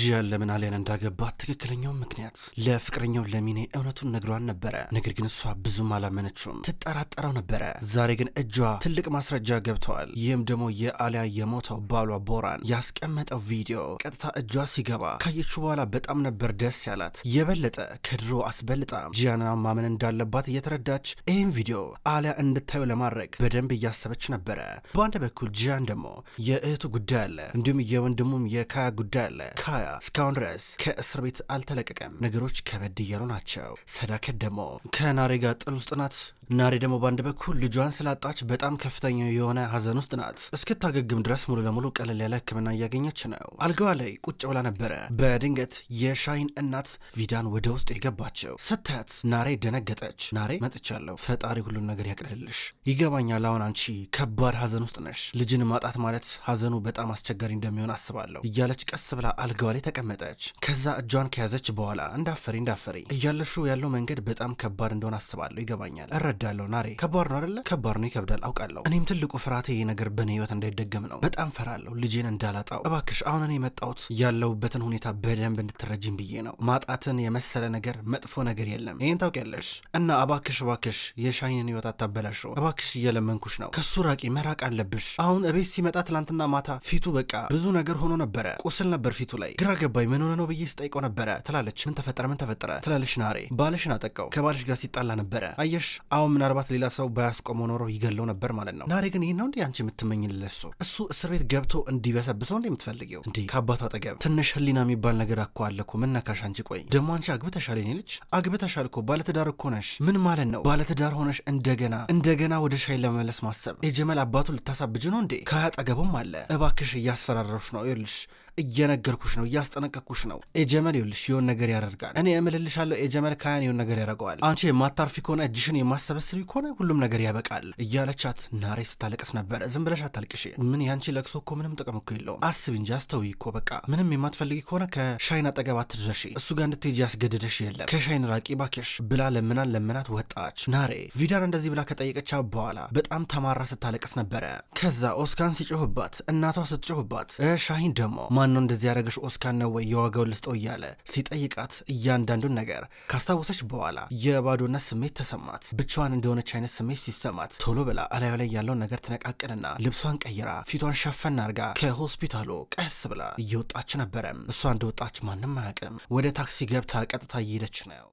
ጂያን ለምን አሊያን እንዳገባት ትክክለኛው ምክንያት ለፍቅረኛው ለሚኔ እውነቱን ነግሯን ነበረ። ነገር ግን እሷ ብዙም አላመነችውም፣ ትጠራጠረው ነበረ። ዛሬ ግን እጇ ትልቅ ማስረጃ ገብተዋል። ይህም ደግሞ የአሊያ የሞተው ባሏ ቦራን ያስቀመጠው ቪዲዮ ቀጥታ እጇ ሲገባ ካየችው በኋላ በጣም ነበር ደስ ያላት። የበለጠ ከድሮ አስበልጣ ጂያንና ማመን እንዳለባት እየተረዳች ይህም ቪዲዮ አሊያ እንድታዩ ለማድረግ በደንብ እያሰበች ነበረ። በአንድ በኩል ጂያን ደግሞ የእህቱ ጉዳይ አለ፣ እንዲሁም የወንድሙም የካያ ጉዳይ አለ ሀያ እስካሁን ድረስ ከእስር ቤት አልተለቀቀም። ነገሮች ከበድ እያሉ ናቸው። ሰዳከት ደግሞ ከናሬ ጋር ጥል ውስጥ ናት። ናሬ ደግሞ በአንድ በኩል ልጇን ስላጣች በጣም ከፍተኛ የሆነ ሀዘን ውስጥ ናት። እስክታገግም ድረስ ሙሉ ለሙሉ ቀለል ያለ ሕክምና እያገኘች ነው። አልጋዋ ላይ ቁጭ ብላ ነበረ። በድንገት የሻይን እናት ቪዳን ወደ ውስጥ የገባቸው ስታያት ናሬ ደነገጠች። ናሬ መጥቻለሁ፣ ፈጣሪ ሁሉን ነገር ያቅልልሽ። ይገባኛል፣ አሁን አንቺ ከባድ ሀዘን ውስጥ ነሽ። ልጅን ማጣት ማለት ሀዘኑ በጣም አስቸጋሪ እንደሚሆን አስባለሁ እያለች ቀስ ብላ አልጋዋ ላይ ተቀመጠች። ከዛ እጇን ከያዘች በኋላ እንዳፈሪ እንዳፈሪ እያለሹ ያለው መንገድ በጣም ከባድ እንደሆነ አስባለሁ፣ ይገባኛል እረዳለሁ። ናሬ ከባድ ነው አይደለ? ከባድ ነው፣ ይከብዳል አውቃለሁ። እኔም ትልቁ ፍርሃቴ ይህ ነገር በእኔ ህይወት እንዳይደገም ነው። በጣም ፈራለሁ ልጄን እንዳላጣው። እባክሽ አሁን እኔ የመጣሁት ያለሁበትን ሁኔታ በደንብ እንድትረጅም ብዬ ነው። ማጣትን የመሰለ ነገር መጥፎ ነገር የለም፣ ይህን ታውቂያለሽ። እና እባክሽ እባክሽ የሻይንን ህይወት አታበላሽ፣ እባክሽ እየለመንኩሽ ነው። ከሱ ራቂ፣ መራቅ አለብሽ። አሁን እቤት ሲመጣ ትላንትና ማታ ፊቱ በቃ ብዙ ነገር ሆኖ ነበረ፣ ቁስል ነበር ፊቱ ላይ። ግራ ገባኝ፣ ምን ሆነ ነው ብዬ ስጠይቀው ነበረ ትላለች። ምን ተፈጠረ ምን ተፈጠረ ትላለች ናሬ። ባልሽን አጠቀው፣ ከባልሽ ጋር ሲጣላ ነበረ አየሽ። አ አሁን ምናልባት ሌላ ሰው ባያስቆመው ኖሮ ይገለው ነበር ማለት ነው። ናሬ ግን ይህ ነው እንዲ አንቺ የምትመኝል ለሱ እሱ እስር ቤት ገብቶ እንዲበሰብስ ነው እንዴ የምትፈልጊው? እንዲ ከአባቱ አጠገብ ትንሽ ህሊና የሚባል ነገር እኮ አለ እኮ መናካሽ። አንቺ ቆይ ደግሞ አንቺ አግብተሻል፣ የኔ ልጅ አግብተሻል እኮ ባለትዳር እኮ ነሽ። ምን ማለት ነው ባለትዳር ሆነሽ እንደገና እንደገና ወደ ሻይ ለመመለስ ማሰብ? የጀመል አባቱ ልታሳብጅ ነው እንዴ? ከአጠገቡም አለ። እባክሽ እያስፈራረሽ ነው ይልሽ እየነገርኩሽ ነው፣ እያስጠነቀቅኩሽ ነው። ኤጀመል ይኸውልሽ የሆን ነገር ያደርጋል። እኔ እምልልሻለሁ ኤጀመል ካያን የሆን ነገር ያደርገዋል። አንቺ የማታርፊ ከሆነ እጅሽን የማሰበስቢ ከሆነ ሁሉም ነገር ያበቃል እያለቻት ናሬ ስታለቅስ ነበረ። ዝም ብለሽ አታልቅሽ። ምን ያንቺ ለቅሶ እኮ ምንም ጥቅም እኮ የለውም። አስብ እንጂ አስተውይ እኮ በቃ። ምንም የማትፈልጊ ከሆነ ከሻይን አጠገብ አትድረሺ። እሱ ጋር እንድትሄጂ ያስገድደሽ የለም። ከሻይን ራቂ ባኬሽ ብላ ለምናን ለምናት ወጣች። ናሬ ቪዳን እንደዚህ ብላ ከጠየቀቻ በኋላ በጣም ተማራ ስታለቅስ ነበረ። ከዛ ኦስካን ሲጮህባት እናቷ ስትጮህባት ሻሂን ደግሞ ማን ነው እንደዚህ ያደረገሽ ኦስካን ነው ወይ የዋጋው ልስጠው እያለ ሲጠይቃት እያንዳንዱን ነገር ካስታወሰች በኋላ የባዶነት ስሜት ተሰማት። ብቻዋን እንደሆነች አይነት ስሜት ሲሰማት ቶሎ ብላ አላዩ ላይ ያለውን ነገር ትነቃቅንና ልብሷን ቀይራ ፊቷን ሸፈን አርጋ ከሆስፒታሉ ቀስ ብላ እየወጣች ነበረም። እሷ እንደወጣች ማንም አያውቅም። ወደ ታክሲ ገብታ ቀጥታ እየሄደች ነው።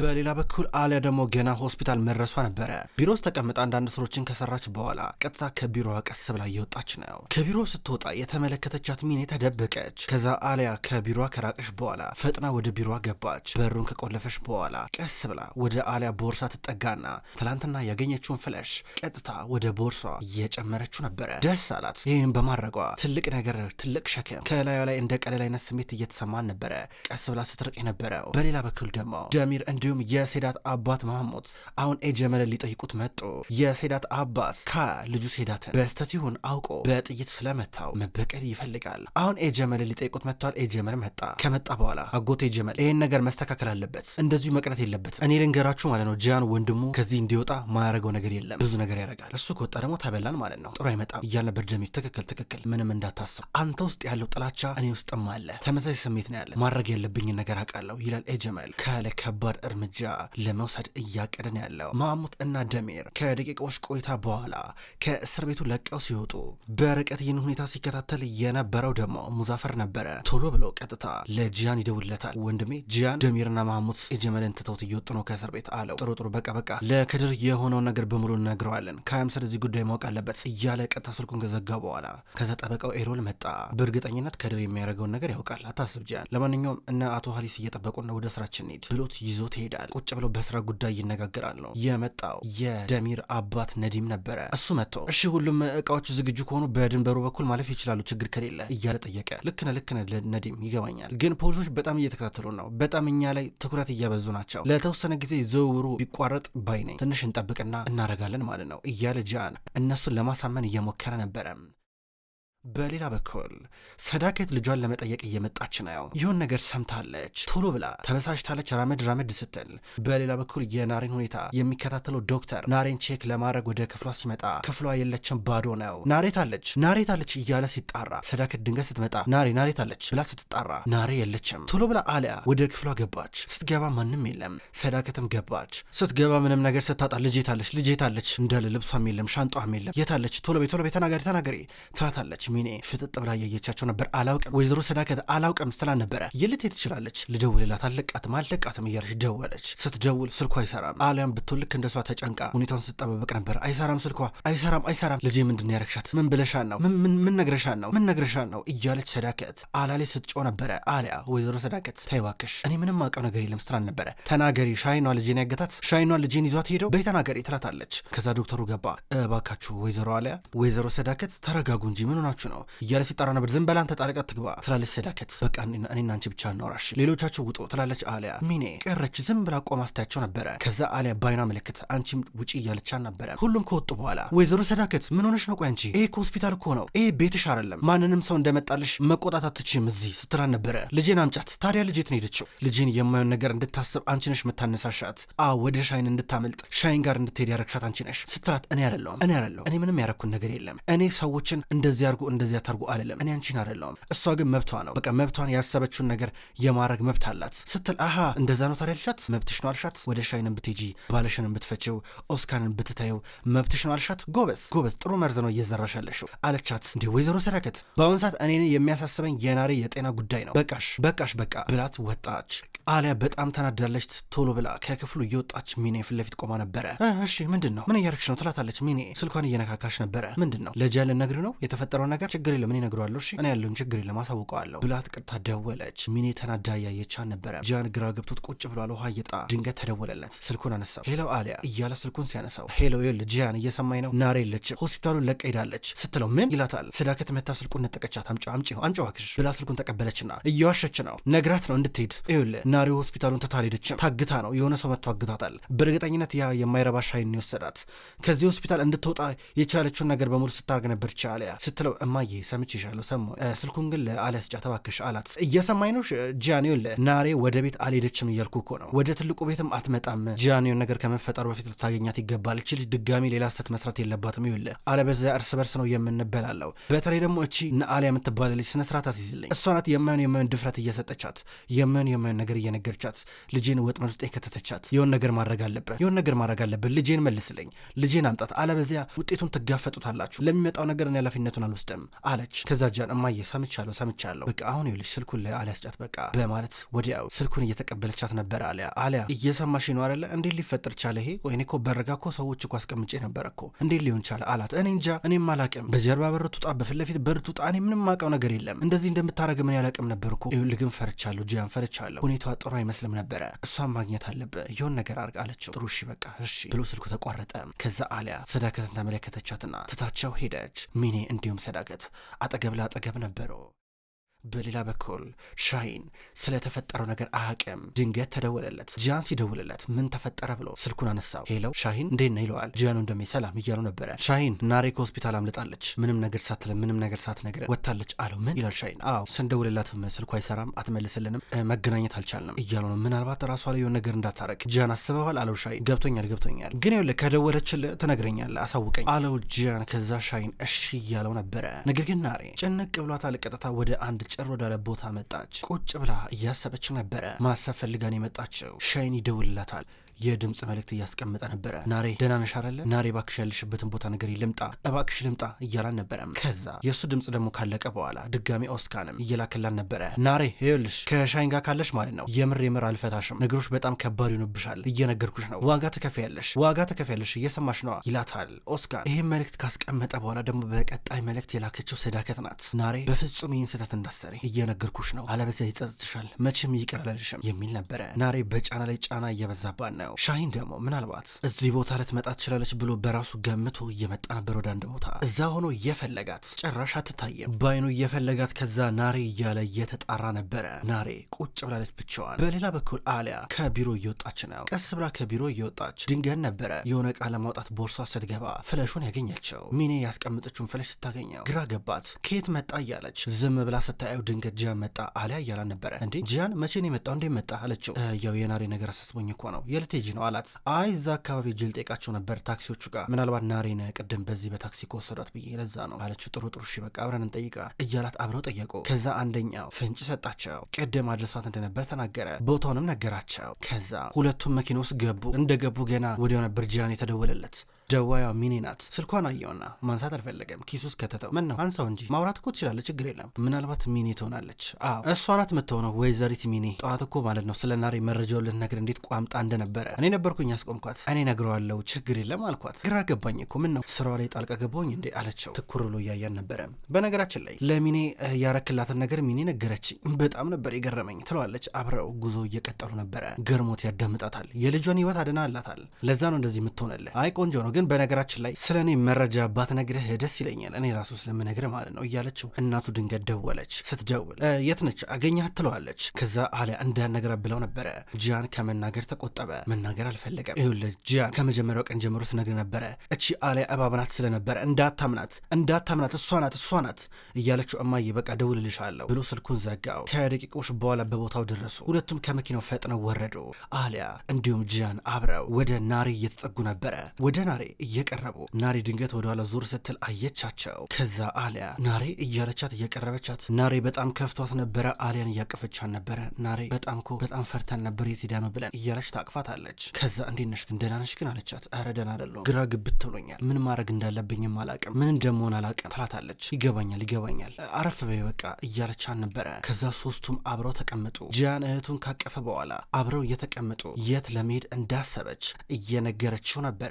በሌላ በኩል አሊያ ደግሞ ገና ሆስፒታል መድረሷ ነበረ። ቢሮ ውስጥ ተቀምጣ አንዳንድ ስሮችን ከሰራች በኋላ ቀጥታ ከቢሮዋ ቀስ ብላ እየወጣች ነው። ከቢሮ ስትወጣ የተመለከተቻት ሚኔ ተደበቀች። ከዛ አሊያ ከቢሮዋ ከራቀች በኋላ ፈጥና ወደ ቢሮዋ ገባች። በሩን ከቆለፈች በኋላ ቀስ ብላ ወደ አሊያ ቦርሳ ትጠጋና ትላንትና ያገኘችውን ፍለሽ ቀጥታ ወደ ቦርሷ እየጨመረችው ነበረ። ደስ አላት። ይህም በማድረጓ ትልቅ ነገር፣ ትልቅ ሸክም ከላዩ ላይ እንደ ቀለል አይነት ስሜት እየተሰማን ነበረ። ቀስ ብላ ስትርቅ ነበረው። በሌላ በኩል ደግሞ ደሚር እንዲሁም የሴዳት አባት ማሞት አሁን ኤጀመልን ሊጠይቁት መጡ። የሴዳት አባት ከልጁ ሴዳትን በስተት ይሁን አውቆ በጥይት ስለመታው መበቀል ይፈልጋል። አሁን ኤጀመልን ሊጠይቁት መጥቷል። ኤጀመል መጣ። ከመጣ በኋላ አጎቴ ኤጀመል ይህን ነገር መስተካከል አለበት፣ እንደዚሁ መቅረት የለበትም። እኔ ልንገራችሁ ማለት ነው ጂያን ወንድሙ ከዚህ እንዲወጣ ማያደርገው ነገር የለም። ብዙ ነገር ያደርጋል። እሱ ከወጣ ደግሞ ተበላን ማለት ነው። ጥሩ አይመጣም እያል ነበር ጀሚል። ትክክል ትክክል፣ ምንም እንዳታስብ። አንተ ውስጥ ያለው ጥላቻ እኔ ውስጥም አለ። ተመሳሳይ ስሜት ነው ያለ። ማድረግ ያለብኝን ነገር አውቃለሁ ይላል ኤጀመል ከለ ከባድ እርምጃ ለመውሰድ እያቀደን ያለው። ማሙት እና ደሚር ከደቂቃዎች ቆይታ በኋላ ከእስር ቤቱ ለቀው ሲወጡ በርቀት ይህን ሁኔታ ሲከታተል የነበረው ደግሞ ሙዛፈር ነበረ። ቶሎ ብሎ ቀጥታ ለጂያን ይደውለታል። ወንድሜ ጂያን፣ ደሚርና ማሙት የጀመለን ትተውት እየወጡ ነው ከእስር ቤት አለው። ጥሩ ጥሩ፣ በቃ በቃ፣ ለከድር የሆነውን ነገር በሙሉ እነግረዋለን። ከአምሰድ እዚህ ጉዳይ ማወቅ አለበት እያለ ቀጥታ ስልኩን ከዘጋ በኋላ ከዛ ጠበቃው ኤሮል መጣ። በእርግጠኝነት ከድር የሚያደርገውን ነገር ያውቃል። አታስብ ጂያን። ለማንኛውም እና አቶ ሀሊስ እየጠበቁ ነው፣ ወደ ስራችን ሂድ ብሎት ይዞት ትሄዳል። ቁጭ ብለው በስራ ጉዳይ ይነጋገራሉ። የመጣው የደሚር አባት ነዲም ነበረ። እሱ መጥቶ እሺ ሁሉም እቃዎች ዝግጁ ከሆኑ በድንበሩ በኩል ማለፍ ይችላሉ ችግር ከሌለ እያለ ጠየቀ። ልክነ ልክነ ነዲም ይገባኛል፣ ግን ፖሊሶች በጣም እየተከታተሉ ነው። በጣም እኛ ላይ ትኩረት እያበዙ ናቸው። ለተወሰነ ጊዜ ዝውውሩ ቢቋረጥ ባይ ነኝ። ትንሽ እንጠብቅና እናረጋለን ማለት ነው እያለ ጃን እነሱን ለማሳመን እየሞከረ ነበረ። በሌላ በኩል ሰዳከት ልጇን ለመጠየቅ እየመጣች ነው። ይሁን ነገር ሰምታለች። ቶሎ ብላ ተበሳጭታለች። ራመድ ራመድ ስትል፣ በሌላ በኩል የናሬን ሁኔታ የሚከታተለው ዶክተር ናሬን ቼክ ለማድረግ ወደ ክፍሏ ሲመጣ ክፍሏ የለችም፣ ባዶ ነው። ናሬት አለች እያለ ሲጣራ ሰዳከት ድንገት ስትመጣ ናሬ አለች ብላ ስትጣራ ናሬ የለችም። ቶሎ ብላ አሊያ ወደ ክፍሏ ገባች። ስትገባ ማንም የለም። ሰዳከትም ገባች። ስትገባ ምንም ነገር ስታጣ ልጄታለች ልጄታለች እንዳለ ልብሷም የለም ሻንጧም የለም። የታለች? ቶሎ ቤ ቶሎ ቤ ተናገሪ ተናገሪ ትላታለች። ሚኔ ፍጥጥ ብላ እያየቻቸው ነበር። አላውቅም ወይዘሮ ሰዳከት አላውቅም ስትላ ነበረ። የልቴ ትችላለች ልደውልላት፣ አለቃትም አለቃትም እያለች ደወለች። ስትደውል ስልኳ አይሰራም። አሊያም ብትልክ እንደሷ ተጨንቃ ሁኔታውን ስትጠባበቅ ነበር። አይሰራም ስልኳ አይሰራም አይሰራም። ልጄ ምንድን ያረግሻት? ምን ብለሻን ነው? ምን ነግረሻን ነው? ምን ነግረሻን ነው? እያለች ሰዳከት አላሌ ስትጮ ነበረ። አሊያ ወይዘሮ ሰዳከት ታይዋክሽ፣ እኔ ምንም አውቀው ነገር የለም ስትላል ነበረ። ተናገሪ ሻይኗ ልጄን ያገታት ሻይኗ ልጄን ይዟት ሄደው ተናገሪ ትላታለች። ከዛ ዶክተሩ ገባ። እባካችሁ ወይዘሮ አሊያ ወይዘሮ ሰዳከት ተረጋጉ እንጂ ምን ሆናችሁ እያወራችሁ ነው እያለ ሲጣራ ነበር። ዝም በላን ተጣረቃት ትግባ ትላለች ሰዳከት። በቃ እኔና አንቺ ብቻ እናወራሽ፣ ሌሎቻችሁ ውጡ ትላለች አሊያ። ሚኔ ቀረች። ዝም ብላ ቆማ ስታያቸው ነበረ። ከዛ አሊያ ባይና ምልክት አንቺም ውጪ እያለቻ ነበረ። ሁሉም ከወጡ በኋላ ወይዘሮ ሰዳከት ምን ሆነሽ ነው? ቆይ አንቺ ይሄ ሆስፒታል እኮ ነው፣ ይሄ ቤትሽ አይደለም። ማንንም ሰው እንደመጣልሽ መቆጣት አትችም እዚህ ስትላን ነበረ። ልጄን አምጫት። ታዲያ ልጄ የት ነው ሄደችው? ልጄን የማየውን ነገር እንድታስብ አንቺ ነሽ የምታነሳሻት። አ ወደ ሻይን እንድታመልጥ ሻይን ጋር እንድትሄድ ያረግሻት አንቺ ነሽ ስትላት እኔ አይደለሁም እኔ አይደለሁም እኔ ምንም ያረኩን ነገር የለም እኔ ሰዎችን እንደዚህ አድርጉ እንደዚያ ታርጉ አለለም። እኔ አንቺን አይደለሁም። እሷ ግን መብቷ ነው። በቃ መብቷን ያሰበችውን ነገር የማድረግ መብት አላት ስትል አሃ እንደዛ ነው ታዲያ አልሻት። መብትሽ ነው አልሻት። ወደ ሻይንን ብትጂ፣ ባለሽንን ብትፈችው ኦስካንን ብትተየው መብትሽ ነው አልሻት። ጎበዝ ጎበዝ፣ ጥሩ መርዝ ነው እየዘራሻለሽው አለቻት። እንዲህ ወይዘሮ ሰዳከት በአሁኑ ሰዓት እኔን የሚያሳስበኝ የናሬ የጤና ጉዳይ ነው። በቃሽ በቃሽ በቃ ብላት ወጣች። አሊያ በጣም ተናዳለች። ቶሎ ብላ ከክፍሉ እየወጣች ሚኔ ፊት ለፊት ቆማ ነበረ። እሺ ምንድን ነው ምን እያረግሽ ነው ትላታለች። ሚኔ ስልኳን እየነካካሽ ነበረ። ምንድን ነው ለጃ ልነግር ነው የተፈጠረው ነገር? ችግር የለም እኔ እነግረዋለሁ። እሺ እኔ ያለውን ችግር የለም አሳውቀዋለሁ ብላት ቀጥታ ደወለች። ሚኔ ተናዳ እያየቻን ነበረ። ጃን ግራ ገብቶት ቁጭ ብሏል። ውሃ እየጣ ድንገት ተደወለለት። ስልኩን አነሳው። ሄሎ አሊያ እያለ ስልኩን ሲያነሳው ሄሎ የል ጃን እየሰማኝ ነው ናሬ የለችም ሆስፒታሉን ለቀ ሄዳለች ስትለው ምን ይላታል። ስዳከት መታ ስልኩን ነጠቀቻት። አምጪ አምጪ አምጪ ዋክሽ ብላ ስልኩን ተቀበለችና እየዋሸች ነው ነግራት ነው እንድትሄድ ይውል ናሪው ሆስፒታሉን ትታ አልሄደችም። ታግታ ነው፣ የሆነ ሰው መጥቶ አግታታል። በእርግጠኝነት ያ የማይረባ ሻይን ይወሰዳት። ከዚህ ሆስፒታል እንድትወጣ የቻለችውን ነገር በሙሉ ስታርግ ነበር ቻለያ ስትለው፣ እማዬ ሰምቼሻለሁ፣ ሰማሁ። ስልኩን ግን ለአሊያስ ጫ ተባክሽ አላት። እየሰማኝ ነው ጂያኒዮን፣ ናሬ ወደ ቤት አልሄደችም እያልኩ እኮ ነው። ወደ ትልቁ ቤትም አትመጣም። ጂያኒዮን ነገር ከመፈጠሩ በፊት ልታገኛት ይገባል። እቺ ልጅ ድጋሚ ሌላ ስተት መስራት የለባትም። ይውል አለበዚያ እርስ በርስ ነው የምንበላለው። በተለይ ደግሞ እቺ ነአሊያ የምትባል ልጅ ስነስርዓት አስይዝልኝ። እሷ ናት የማይሆን የማይሆን ድፍረት እየሰጠቻት የማይሆን የማይሆን ነገር እየነገርቻት ልጄን ወጥመድ ውስጥ የከተተቻት። የሆን ነገር ማድረግ አለብን፣ የሆን ነገር ማድረግ አለብን። ልጄን መልስልኝ፣ ልጄን አምጣት፣ አለበዚያ ውጤቱን ትጋፈጡታላችሁ። ለሚመጣው ነገር እኔ ኃላፊነቱን አልወስድም አለች። ከዛ ጃን እማዬ ሳምቻለሁ፣ ሳምቻለሁ፣ በቃ አሁን ይኸውልሽ ስልኩን ለአሊያ ስጫት፣ በቃ በማለት ወዲያው ስልኩን እየተቀበለቻት ነበር። አሊያ አሊያ እየሰማሽ ነው አለ። እንዴት ሊፈጠር ቻለ ይሄ? ወይኔ እኮ በረጋ እኮ ሰዎች እኮ አስቀምጬ ነበረ እኮ እንዴት ሊሆን ቻለ አላት። እኔ እንጃ፣ እኔም አላቅም። በጀርባ በር ትውጣ፣ በፊት ለፊት በር ትውጣ፣ እኔ ምንም አውቀው ነገር የለም። እንደዚህ እንደምታረግ ምን ያላቅም ነበር እኮ። ይኸውልህ ግን ፈርቻለሁ፣ ጃን ፈርቻለሁ ሁኔታ ጥሩ አይመስልም ነበረ። እሷን ማግኘት አለብ የሆን ነገር አርግ አለችው። ጥሩ እሺ በቃ እሺ ብሎ ስልኩ ተቋረጠ። ከዛ አሊያ ሰዳከትን ተመለከተቻትና ትታቸው ሄደች። ሚኔ እንዲሁም ሰዳከት አጠገብ ለአጠገብ ነበሩ። በሌላ በኩል ሻይን ስለተፈጠረው ነገር አያውቅም። ድንገት ተደወለለት። ጃን ሲደውልለት ምን ተፈጠረ ብሎ ስልኩን አነሳው። ሄለው ሻይን እንዴት ነህ ይለዋል። ጃኑ ወንድሜ ሰላም እያሉ ነበረ። ሻይን ናሬ ከሆስፒታል አምልጣለች፣ ምንም ነገር ሳትለ ምንም ነገር ሳትነግረን ወጥታለች አለው። ምን ይላል ሻይን። አዎ ስንደውልላትም ስልኩ አይሰራም፣ አትመልስልንም፣ መገናኘት አልቻልንም እያሉ ነው። ምናልባት ራሷ ላይ የሆነ ነገር እንዳታረግ ጃን አስበዋል አለው። ሻይን። ገብቶኛል ገብቶኛል፣ ግን ይኸውልህ ከደወለችልህ ትነግረኛለህ፣ አሳውቀኝ አለው ጃን። ከዛ ሻይን እሺ እያለው ነበረ። ነገር ግን ናሬ ጭንቅ ብሏታል። ቀጥታ ወደ አንድ አጭር ወዳለ ቦታ መጣች። ቁጭ ብላ እያሰበች ነበረ። ማሰብ ፈልጋን የመጣችው ሻይን ይደውልላታል። የድምፅ መልእክት እያስቀመጠ ነበረ። ናሬ ደህና ነሽ አይደለ? ናሬ ባክሽ ያለሽበትን ቦታ ነገር ልምጣ፣ እባክሽ ልምጣ እያላን ነበረም። ከዛ የእሱ ድምፅ ደግሞ ካለቀ በኋላ ድጋሚ ኦስካንም እየላከላን ነበረ። ናሬ ይኸውልሽ ከሻይን ጋር ካለሽ ማለት ነው የምር የምር አልፈታሽም፣ ነገሮች በጣም ከባድ ይሆንብሻል፣ እየነገርኩሽ ነው፣ ዋጋ ትከፍያለሽ፣ ዋጋ ትከፍያለሽ፣ እየሰማሽ ነዋ ይላታል ኦስካን። ይህም መልእክት ካስቀመጠ በኋላ ደግሞ በቀጣይ መልእክት የላከችው ሰዳከት ናት። ናሬ በፍጹም ይህን ስህተት እንዳሰሪ እየነገርኩሽ ነው፣ አለበዚያ ይጸጽትሻል፣ መቼም ይቅር አላልሽም የሚል ነበረ። ናሬ በጫና ላይ ጫና እየበዛባት ነው። ሻሂን ደግሞ ምናልባት እዚህ ቦታ ልትመጣ ትችላለች ብሎ በራሱ ገምቶ እየመጣ ነበር ወደ አንድ ቦታ። እዛ ሆኖ እየፈለጋት ጭራሽ አትታየም። በአይኑ እየፈለጋት ከዛ ናሬ እያለ እየተጣራ ነበረ። ናሬ ቁጭ ብላለች ብቻዋን። በሌላ በኩል አሊያ ከቢሮ እየወጣች ነው። ቀስ ብላ ከቢሮ እየወጣች ድንገን ነበረ የሆነ ዕቃ ለማውጣት ቦርሷ ስትገባ ፍለሹን ያገኘችው። ሚኔ ያስቀምጠችውን ፍለሽ ስታገኘው ግራ ገባት። ከየት መጣ እያለች ዝም ብላ ስታየው ድንገት ጂያን መጣ አሊያ እያላን ነበረ። እንዴ ጂያን መቼን የመጣው እንዴ መጣ አለችው። ያው የናሬ ነገር አሳስቦኝ እኮ ነው የልት ልትሄጂ ነው አላት። አይ እዛ አካባቢ ጅል ጠይቃቸው ነበር ታክሲዎቹ ጋር ምናልባት ናሬን ቅድም በዚህ በታክሲ ከወሰዷት ብዬ ለዛ ነው አለችው። ጥሩ ጥሩ እሺ በቃ አብረን እንጠይቃ እያላት አብረው ጠየቁ። ከዛ አንደኛው ፍንጭ ሰጣቸው። ቅድም አድረሷት እንደነበር ተናገረ። ቦታውንም ነገራቸው። ከዛ ሁለቱም መኪና ውስጥ ገቡ። እንደገቡ ገና ወዲያው ነበር ጂራን የተደወለለት። ጀዋያ ሚኒ ናት። ስልኳን አየውና ማንሳት አልፈለገም። ኪስ ውስጥ ከተተው። ምን ነው አንሳው እንጂ ማውራት እኮ ትችላለች፣ ችግር የለም። ምናልባት ሚኒ ትሆናለች። አዎ እሷ ናት የምትሆነው፣ ወይዘሪት ሚኒ። ጠዋት እኮ ማለት ነው ስለ ናሬ መረጃውን ልትነግር እንዴት ቋምጣ እንደነበረ እኔ ነበርኩኝ ያስቆምኳት። እኔ ነግረዋለው፣ ችግር የለም አልኳት። ግራ ገባኝ እኮ ምን ነው ስራዋ ላይ ጣልቃ ገባሁኝ እንዴ አለችው። ትኩር ብሎ እያያን ነበረ። በነገራችን ላይ ለሚኔ ያረክላትን ነገር ሚኔ ነገረችኝ። በጣም ነበር የገረመኝ ትለዋለች። አብረው ጉዞ እየቀጠሉ ነበረ። ገርሞት ያዳምጣታል። የልጇን ህይወት አድና አላታል። ለዛ ነው እንደዚህ የምትሆነለ። አይ ቆንጆ ነው ግን ግን በነገራችን ላይ ስለ እኔ መረጃ ባትነግርህ ደስ ይለኛል፣ እኔ ራሱ ስለምነግር ማለት ነው እያለችው እናቱ ድንገት ደወለች። ስትደውል የት ነች አገኛት ትለዋለች። ከዛ አሊያ እንዳነገራ ብለው ነበረ። ጂያን ከመናገር ተቆጠበ፣ መናገር አልፈለገም። ይኸውልህ ጂያን ከመጀመሪያው ቀን ጀምሮ ስነግር ነበረ እቺ አሊያ እባብናት ስለነበረ እንዳታምናት እንዳታምናት እሷናት እሷናት እያለችው እማዬ በቃ ደውልልሻለሁ ብሎ ስልኩን ዘጋው። ከደቂቆች በኋላ በቦታው ደረሱ። ሁለቱም ከመኪናው ፈጥነው ወረዱ። አሊያ እንዲሁም ጂያን አብረው ወደ ናሬ እየተጠጉ ነበረ። ወደ ናሬ እየቀረቡ ናሬ ድንገት ወደኋላ ዞር ስትል አየቻቸው። ከዛ አሊያ ናሬ እያለቻት እየቀረበቻት፣ ናሬ በጣም ከፍቷት ነበረ። አሊያን እያቀፈቻን ነበረ። ናሬ በጣም ኮ በጣም ፈርተን ነበር የት ሄዳ ነው ብለን እያለች ታቅፋታለች። ከዛ እንዴት ነሽ ግን ደህና ነሽ ግን አለቻት። ኧረ ደህና አይደለሁም፣ ግራ ግብት ትብሎኛል ምን ማድረግ እንዳለብኝም አላቅም፣ ምን እንደመሆን አላቅም ትላታለች። ይገባኛል ይገባኛል፣ አረፍ በይ በቃ እያለቻን ነበረ። ከዛ ሶስቱም አብረው ተቀመጡ። ጃን እህቱን ካቀፈ በኋላ አብረው እየተቀመጡ የት ለመሄድ እንዳሰበች እየነገረችው ነበረ።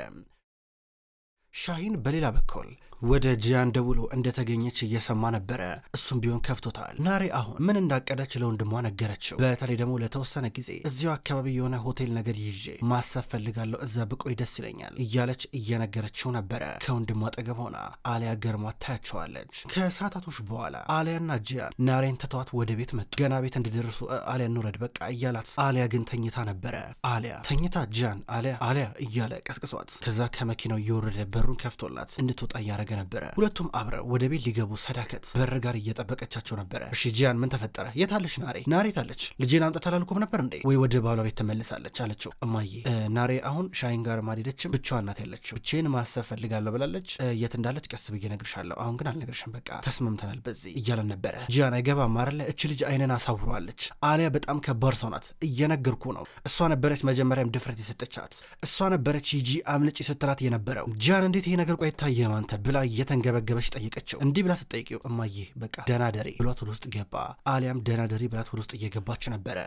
ሻሂን በሌላ በኩል ወደ ጂያን ደውሎ እንደተገኘች እየሰማ ነበረ። እሱም ቢሆን ከፍቶታል። ናሬ አሁን ምን እንዳቀደች ለወንድሟ ነገረችው። በተለይ ደግሞ ለተወሰነ ጊዜ እዚያው አካባቢ የሆነ ሆቴል ነገር ይዤ ማሰብ ፈልጋለሁ፣ እዛ ብቆይ ደስ ይለኛል እያለች እየነገረችው ነበረ። ከወንድሟ አጠገብ ሆና አሊያ ገርማ ታያቸዋለች። ከሰዓታቶች በኋላ አሊያና ጂያን ናሬን ትተዋት ወደ ቤት መጡ። ገና ቤት እንድደርሱ አሊያ ኑረድ በቃ እያላት፣ አሊያ ግን ተኝታ ነበረ። አሊያ ተኝታ ጂያን አሊያ አሊያ እያለ ቀስቅሷት ከዛ ከመኪናው እየወረደ በሩን ከፍቶላት እንድትወጣ እያደረገ ነበረ። ሁለቱም አብረው ወደ ቤት ሊገቡ ሰዳከት በር ጋር እየጠበቀቻቸው ነበረ። እሺ ጂያን ምን ተፈጠረ? የታለች ናሬ? ናሬ ታለች። ልጄን አምጣት አላልኩም ነበር እንዴ? ወይ ወደ ባሏ ቤት ተመልሳለች አለችው። እማዬ ናሬ አሁን ሻይን ጋር ማልሄደችም ብቻዋን ናት ያለችው። ብቼን ማሰብ ፈልጋለሁ ብላለች። የት እንዳለች ቀስ ብዬ እነግርሻለሁ። አሁን ግን አልነግርሽም። በቃ ተስማምተናል በዚህ እያለን ነበረ። ጂያን አይገባም አይደለ? እች ልጅ አይነን አሳውረዋለች። አሊያ በጣም ከባድ ሰው ናት። እየነገርኩ ነው። እሷ ነበረች መጀመሪያም ድፍረት የሰጠቻት እሷ ነበረች። ሂጂ አምልጭ ስትላት የነበረው ጂያን እንዴት ይሄ ነገር ቆይ አይታየም አንተ ብላ እየተንገበገበች ጠየቀችው። እንዲህ ብላ ስጠይቀው እማዬ በቃ ደናደሬ ብሏት ወደ ውስጥ ገባ። አሊያም ደናደሬ ብላት ወደ ውስጥ እየገባች ነበረ።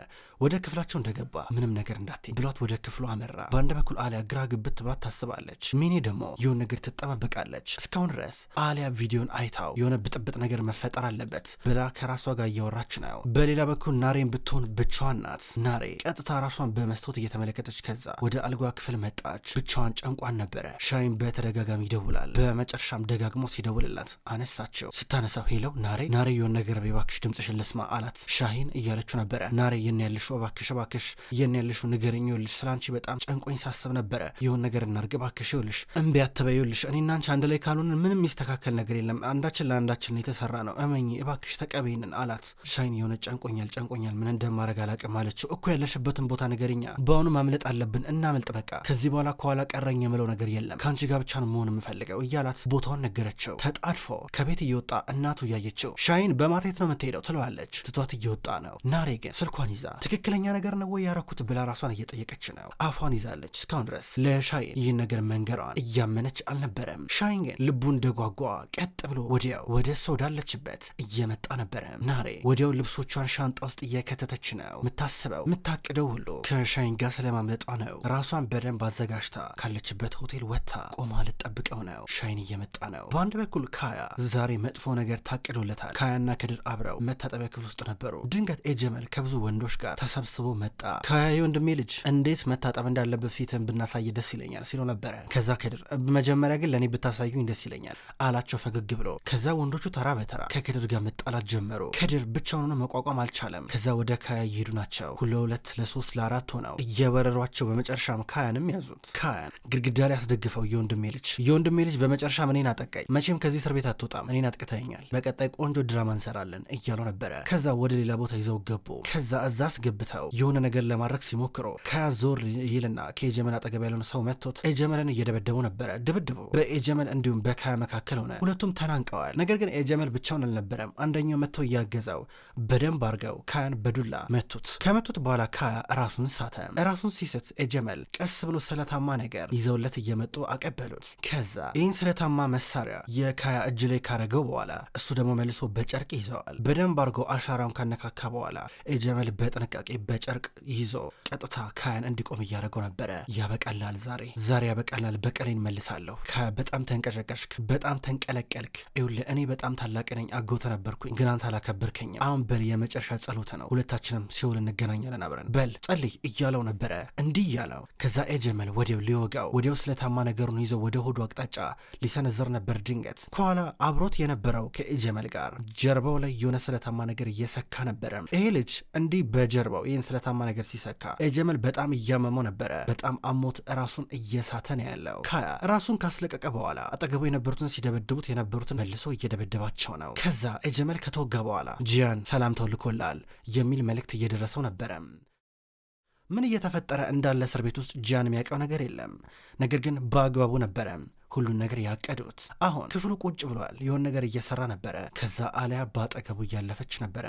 ወደ ክፍላቸው እንደገባ ምንም ነገር እንዳትኝ ብሏት ወደ ክፍሉ አመራ። በአንድ በኩል አሊያ ግራ ግብት ብሏት ታስባለች። ሚኔ ደግሞ የሆነ ነገር ትጠባበቃለች። እስካሁን ድረስ አሊያ ቪዲዮን አይታው የሆነ ብጥብጥ ነገር መፈጠር አለበት ብላ ከራሷ ጋር እያወራች ነው። በሌላ በኩል ናሬን ብትሆን ብቻዋን ናት። ናሬ ቀጥታ ራሷን በመስታወት እየተመለከተች ከዛ ወደ አልጓ ክፍል መጣች። ብቻዋን ጨንቋን ነበረ። ሻይን በተደጋ በተደጋጋሚ ይደውላል። በመጨረሻም ደጋግሞ ሲደውልላት አነሳቸው። ስታነሳው ሄለው ናሬ ናሬ የሆን ነገር እባክሽ ድምፅሽን ልስማ አላት። ሻሂን እያለችው ነበረ። ናሬ የን ያለሹ እባክሽ እባክሽ የን ያለሹ ንገረኝ፣ ይኸውልሽ ስላንቺ በጣም ጨንቆኝ ሳስብ ነበረ። የሆን ነገር እናርግ እባክሽ፣ ይኸውልሽ እምቢ አትበይ፣ ይኸውልሽ እኔና አንቺ አንድ ላይ ካልሆን ምንም የሚስተካከል ነገር የለም። አንዳችን ለአንዳችን የተሰራ ነው። እመኝ እባክሽ ተቀበይንን አላት። ሻሂን የሆነ ጨንቆኛል ጨንቆኛል፣ ምን እንደማድረግ አላቅም አለችው። እኮ ያለሽበትን ቦታ ንገረኛ። በአሁኑ ማምለጥ አለብን። እናመልጥ በቃ። ከዚህ በኋላ ከኋላ ቀረኝ የምለው ነገር የለም። ከአንቺ ጋር ብቻ ነው ነው መሆን የምፈልገው እያላት ቦታውን ነገረችው። ተጣድፎ ከቤት እየወጣ እናቱ እያየችው ሻይን በማቴት ነው የምትሄደው ትለዋለች። ትቷት እየወጣ ነው። ናሬ ግን ስልኳን ይዛ ትክክለኛ ነገር ነው ወይ ያረኩት ብላ ራሷን እየጠየቀች ነው። አፏን ይዛለች። እስካሁን ድረስ ለሻይን ይህን ነገር መንገሯን እያመነች አልነበረም። ሻይን ግን ልቡ እንደጓጓ ቀጥ ብሎ ወዲያው ወደ እሷ ወዳለችበት እየመጣ ነበረ። ናሬ ወዲያው ልብሶቿን ሻንጣ ውስጥ እየከተተች ነው። የምታስበው የምታቅደው ሁሉ ከሻይን ጋር ስለማምለጧ ነው። ራሷን በደንብ አዘጋጅታ ካለችበት ሆቴል ወጥታ ቆማ ሳንጠብቀው ነው ሻይን እየመጣ ነው። በአንድ በኩል ካያ ዛሬ መጥፎ ነገር ታቅዶለታል። ካያና ከድር አብረው መታጠቢያ ክፍል ውስጥ ነበሩ። ድንገት ኤጀመል ከብዙ ወንዶች ጋር ተሰብስቦ መጣ። ካያ የወንድሜ ልጅ እንዴት መታጠብ እንዳለበት ፊትን ብናሳይ ደስ ይለኛል ሲለው ነበረ። ከዛ ከድር መጀመሪያ ግን ለእኔ ብታሳዩኝ ደስ ይለኛል አላቸው ፈገግ ብሎ። ከዛ ወንዶቹ ተራ በተራ ከከድር ጋር መጣላት ጀመሩ። ከድር ብቻውን ሆኖ መቋቋም አልቻለም። ከዛ ወደ ካያ እየሄዱ ናቸው። ሁለሁለት ለሶስት ለአራት ሆነው እየበረሯቸው በመጨረሻም ካያንም ያዙት። ካያን ግድግዳ ላይ አስደግፈው የወንድሜ ልጅ አለች። የወንድሜ ልጅ በመጨረሻም እኔን አጠቃኝ። መቼም ከዚህ እስር ቤት አትወጣም፣ እኔን አጥቅተኛል፣ በቀጣይ ቆንጆ ድራማ እንሰራለን እያሉ ነበረ። ከዛ ወደ ሌላ ቦታ ይዘው ገቡ። ከዛ እዛ አስገብተው የሆነ ነገር ለማድረግ ሲሞክሮ ከዞር ይልና ከኤጀመል አጠገብ ያለውን ሰው መቶት ኤጀመልን እየደበደቡ ነበረ። ድብድቡ በኤጀመል እንዲሁም በካያ መካከል ሆነ። ሁለቱም ተናንቀዋል። ነገር ግን ኤጀመል ብቻውን አልነበረም። አንደኛው መጥተው እያገዘው በደንብ አድርገው ካያን በዱላ መቱት። ከመቱት በኋላ ካያ ራሱን ሳተ። ራሱን ሲስት ኤጀመል ቀስ ብሎ ሰለታማ ነገር ይዘውለት እየመጡ አቀበሉት። ከዛ ይህን ስለታማ መሳሪያ የካያ እጅ ላይ ካረገው በኋላ እሱ ደግሞ መልሶ በጨርቅ ይዘዋል። በደንብ አድርጎ አሻራውን ካነካካ በኋላ ኤጀመል በጥንቃቄ በጨርቅ ይዞ ቀጥታ ካያን እንዲቆም እያደረገው ነበረ። ያበቃላል፣ ዛሬ ዛሬ ያበቃላል፣ በቀሌን መልሳለሁ። በጣም ተንቀጨቀሽክ፣ በጣም ተንቀለቀልክ። ይኸውልህ እኔ በጣም ታላቅ ነኝ፣ አጎተ ነበርኩኝ፣ ግን አንተ አላከበርከኝም። አሁን በል የመጨረሻ ጸሎት ነው፣ ሁለታችንም ሲውል እንገናኛለን አብረን በል ጸልይ እያለው ነበረ። እንዲህ እያለው ከዛ ኤጀመል ወዲያው ሊወጋው ወዲያው ስለታማ ነገሩን ይዘው ወደ ሆዱ አቅጣጫ ሊሰነዝር ነበር። ድንገት ከኋላ አብሮት የነበረው ከኢጀመል ጋር ጀርባው ላይ የሆነ ስለታማ ነገር እየሰካ ነበረ። ይሄ ልጅ እንዲህ በጀርባው ይህን ስለታማ ነገር ሲሰካ ኤጀመል በጣም እያመመው ነበረ። በጣም አሞት ራሱን እየሳተ ነው ያለው። ካያ ራሱን ካስለቀቀ በኋላ አጠገቡ የነበሩትን ሲደበድቡት የነበሩትን መልሶ እየደበደባቸው ነው። ከዛ ኤጀመል ከተወጋ በኋላ ጂያን ሰላም ተውልኮላል የሚል መልእክት እየደረሰው ነበረ። ምን እየተፈጠረ እንዳለ እስር ቤት ውስጥ ጃን የሚያውቀው ነገር የለም። ነገር ግን በአግባቡ ነበረ ሁሉን ነገር ያቀዱት። አሁን ክፍሉ ቁጭ ብሏል። የሆን ነገር እየሰራ ነበረ። ከዛ አሊያ በአጠገቡ እያለፈች ነበረ።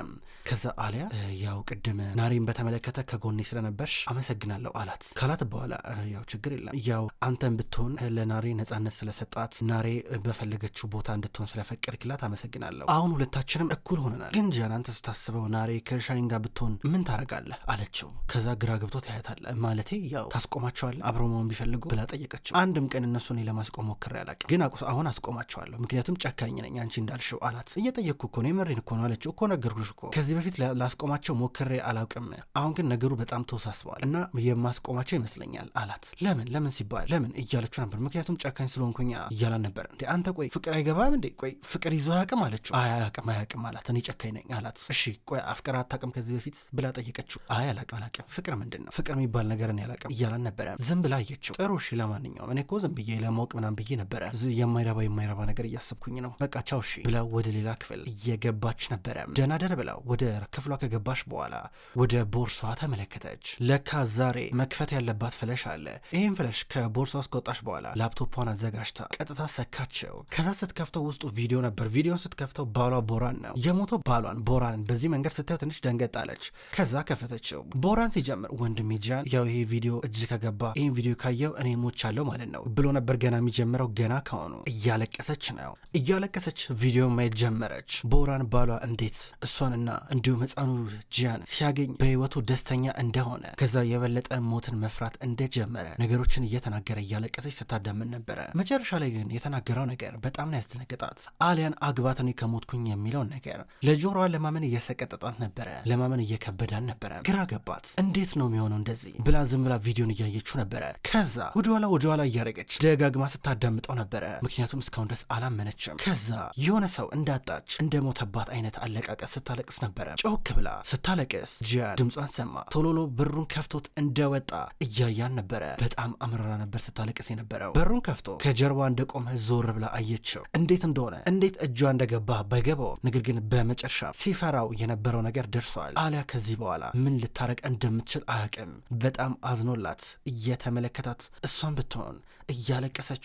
ከዛ አሊያ ያው ቅድም ናሬን በተመለከተ ከጎኔ ስለነበርሽ አመሰግናለሁ አላት። ካላት በኋላ ያው ችግር የለም ያው አንተን ብትሆን ለናሬ ነጻነት ስለሰጣት ናሬ በፈለገችው ቦታ እንድትሆን ስለፈቀድክላት አመሰግናለሁ። አሁን ሁለታችንም እኩል ሆነናል። ግን ጃን አንተ ስታስበው ናሬ ከሻይን ጋር ብትሆን ምን ታረጋለህ አለችው። ከዛ ግራ ገብቶ ተያያታለ። ማለቴ ያው ታስቆማቸዋለ አብረው መሆን ቢፈልጉ ብላ ጠየቀችው። አንድም ቀን እነሱ እኔ ለማስቆም ሞክሬ አላቅም፣ ግን አሁን አስቆማቸዋለሁ። ምክንያቱም ጨካኝ ነኝ አንቺ እንዳልሽው አላት። እየጠየቅኩ እኮ ነው የመሬን እኮ ነው አለችው። እኮ ነገርኩሽ እኮ ከዚህ በፊት ላስቆማቸው ሞክሬ አላውቅም። አሁን ግን ነገሩ በጣም ተወሳስበዋል እና የማስቆማቸው ይመስለኛል አላት። ለምን ለምን ሲባል ለምን እያለችው ነበር። ምክንያቱም ጨካኝ ስለሆንኩኝ እያላን ነበር። እንዴ አንተ ቆይ ፍቅር አይገባም እንዴ ቆይ ፍቅር ይዞ አያውቅም አለችው። አይ አያውቅም አያውቅም አላት። እኔ ጨካኝ ነኝ አላት። እሺ ቆይ አፍቅር አታውቅም ከዚህ በፊት ብላ ጠየቀችው። አይ አላውቅም አላውቅም ፍቅር ምንድን ነው ፍቅር የሚባል ነገርን እኔ አላውቅም እያላን ነበረ። ዝም ብላ አየችው። ጥሩ እሺ ለማንኛውም እኔ እኮ ዝም ብዬ ለማወቅ ምናምን እየተሰቃየ ነበረ። የማይረባ የማይረባ ነገር እያሰብኩኝ ነው በቃ ቻውሺ ብላ ወደ ሌላ ክፍል እየገባች ነበረ። ደናደር ብላ ወደ ክፍሏ ከገባች በኋላ ወደ ቦርሷ ተመለከተች። ለካ ዛሬ መክፈት ያለባት ፍለሽ አለ። ይህም ፍለሽ ከቦርሷ ውስጥ በኋላ ላፕቶፖን አዘጋጅታ ቀጥታ ሰካቸው። ከዛ ስትከፍተው ውስጡ ቪዲዮ ነበር። ቪዲዮን ስትከፍተው ባሏ ቦራን ነው የሞተው። ባሏን ቦራንን በዚህ መንገድ ስታየው ትንሽ ደንገጣለች። ከዛ ከፈተችው። ቦራን ሲጀምር ወንድሜ ጃን ያው ይሄ ቪዲዮ እጅ ከገባ ይህን ቪዲዮ ካየው እኔ ሞቻለሁ ማለት ነው ብሎ ነበር ገና የሚጀምር የጀመረው ገና ከሆኑ እያለቀሰች ነው። እያለቀሰች ቪዲዮ ማየት ጀመረች። ቦራን ባሏ እንዴት እሷንና እንዲሁም ህፃኑ ጂያን ሲያገኝ በህይወቱ ደስተኛ እንደሆነ ከዛ የበለጠ ሞትን መፍራት እንደጀመረ ነገሮችን እየተናገረ እያለቀሰች ስታዳምን ነበረ። መጨረሻ ላይ ግን የተናገረው ነገር በጣም ነው ያስደነገጣት። አሊያን አግባት እኔ ከሞትኩኝ የሚለውን ነገር ለጆሮዋ ለማመን እየሰቀጠጣት ነበረ። ለማመን እየከበዳን ነበረ። ግራ ገባት። እንዴት ነው የሚሆነው እንደዚህ ብላ ዝም ብላ ቪዲዮን እያየችው ነበረ። ከዛ ወደኋላ ወደኋላ እያደረገች ደጋግማ ስታ ስታዳምጠው ነበረ። ምክንያቱም እስካሁን ድረስ አላመነችም። ከዛ የሆነ ሰው እንዳጣች እንደ ሞተባት አይነት አለቃቀስ ስታለቅስ ነበረ። ጮክ ብላ ስታለቅስ ጂያን ድምጿን ሰማ። ቶሎሎ በሩን ከፍቶት እንደወጣ እያያን ነበረ። በጣም አምራራ ነበር ስታለቅስ የነበረው። በሩን ከፍቶ ከጀርባ እንደቆመ ዞር ብላ አየችው። እንዴት እንደሆነ እንዴት እጇ እንደገባ ባይገባውም ነገር ግን በመጨረሻ ሲፈራው የነበረው ነገር ደርሷል። አሊያ ከዚህ በኋላ ምን ልታረቅ እንደምትችል አያውቅም። በጣም አዝኖላት እየተመለከታት እሷን ብትሆን እያለቀሰች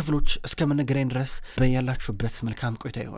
ክፍሎች እስከምንገናኝ ድረስ በያላችሁበት መልካም ቆይታ ይሆን።